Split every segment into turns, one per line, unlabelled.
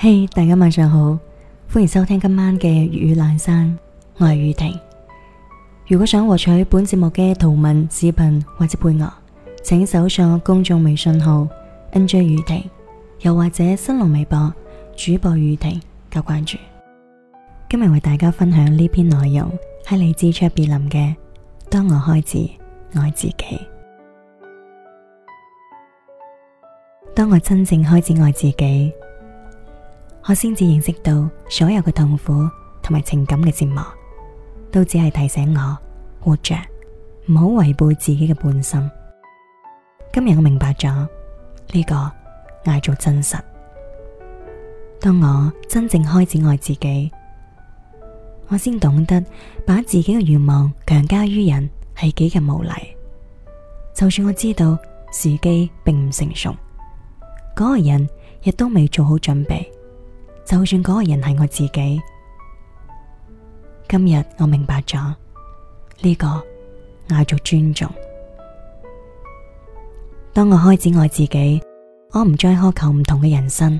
嘿，hey，大家晚上好，歡迎收聽今晚嘅粵語闌珊，我係雨婷。如果想獲取本節目嘅圖文視頻或者配樂，請搜索公眾微信號 n j 雨婷，又或者新浪微博主播雨婷加關注。今日為大家分享呢篇內容係嚟自卓別林嘅《當我開始愛自己》，當我真正開始愛自己。我先至認識到，所有嘅痛苦同埋情感嘅折磨，都只係提醒我活着唔好違背自己嘅本心。今日我明白咗呢個叫做真實。當我真正開始愛自己，我先懂得把自己嘅願望強加於人係幾咁無禮。就算我知道時機並唔成熟，嗰個人亦都未做好準備。就算嗰個人係我自己，今日我明白咗呢個嗌做尊重。當我開始愛自己，我唔再苛求唔同嘅人生。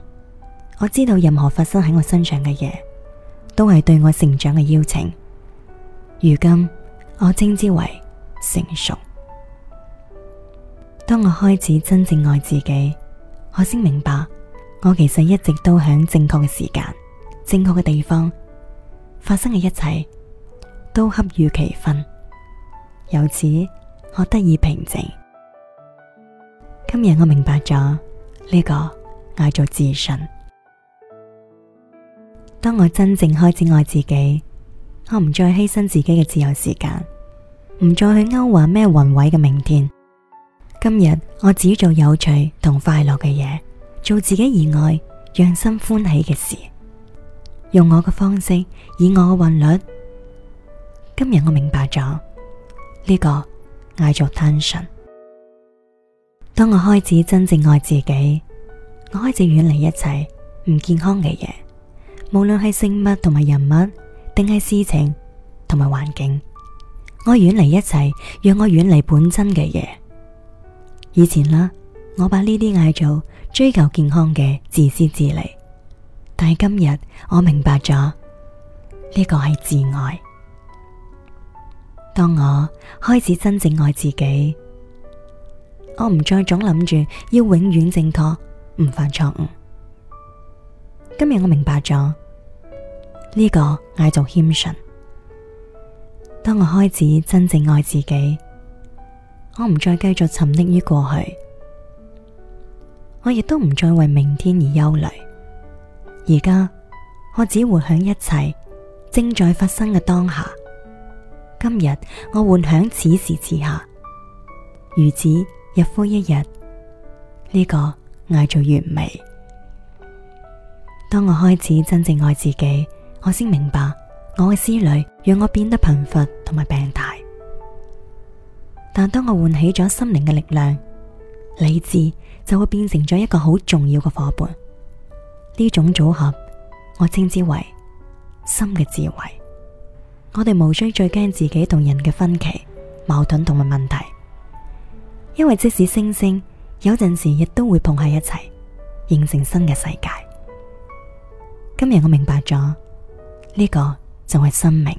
我知道任何發生喺我身上嘅嘢，都係對我成長嘅邀請。如今我稱之為成熟。當我開始真正愛自己，我先明白。我其實一直都喺正確嘅時間，正確嘅地方發生嘅一切都恰如其分，由此我得以平靜。今日我明白咗呢個叫做自信。當我真正開始愛自己，我唔再犧牲自己嘅自由時間，唔再去勾畫咩宏偉嘅明天。今日我只做有趣同快樂嘅嘢。做自己熱愛，讓心歡喜嘅事，用我嘅方式，以我嘅韻律。今日我明白咗呢個嗌做單純。當我開始真正愛自己，我開始遠離一切唔健康嘅嘢，無論係食物同埋人物，定係事情同埋環境，我遠離一切讓我遠離本真嘅嘢。以前啦。我把呢啲嗌做追求健康嘅自私自利，但係今日我明白咗呢個係自愛。當我開始真正愛自己，我唔再總諗住要永遠正確，唔犯錯誤。今日我明白咗呢個嗌做謙遜。當我開始真正愛自己，我唔再繼續沉溺於過去。我亦都唔再為明天而憂慮，而家我只活響一切正在發生嘅當下。今日我活響此時此刻，如此日復一日，呢個嗌做完美。當我開始真正愛自己，我先明白我嘅思慮讓我變得貧乏同埋病態。但當我喚起咗心靈嘅力量、理智。就會變成咗一個好重要嘅夥伴，呢種組合我稱之為心嘅智慧。我哋無需再驚自己同人嘅分歧、矛盾同埋問題，因為即使星星有陣時亦都會碰喺一齊，形成新嘅世界。今日我明白咗，呢個就係生命。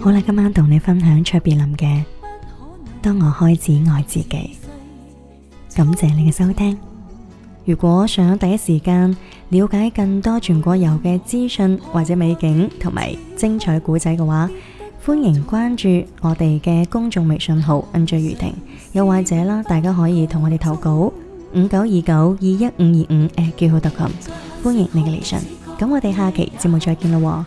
好啦，今晚同你分享卓別林嘅《當我開始愛自己》，感謝你嘅收聽。如果想第一時間了解更多全國遊嘅資訊或者美景同埋精彩故仔嘅話，歡迎關注我哋嘅公眾微信號“恩醉雨婷”。又或者啦，大家可以同我哋投稿五九二九二一五二五誒，giao dot com，歡迎你嘅嚟信。咁我哋下期節目再見啦！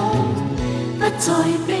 不再悲。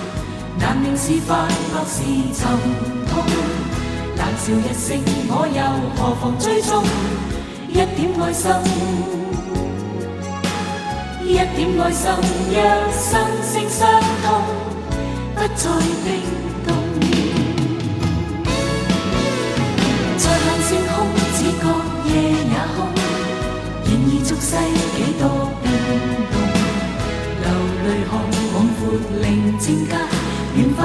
難明是快樂是沉痛，冷笑一聲，我又何妨追蹤，一點愛心，一點愛心，讓心聲相通，不再冰凍。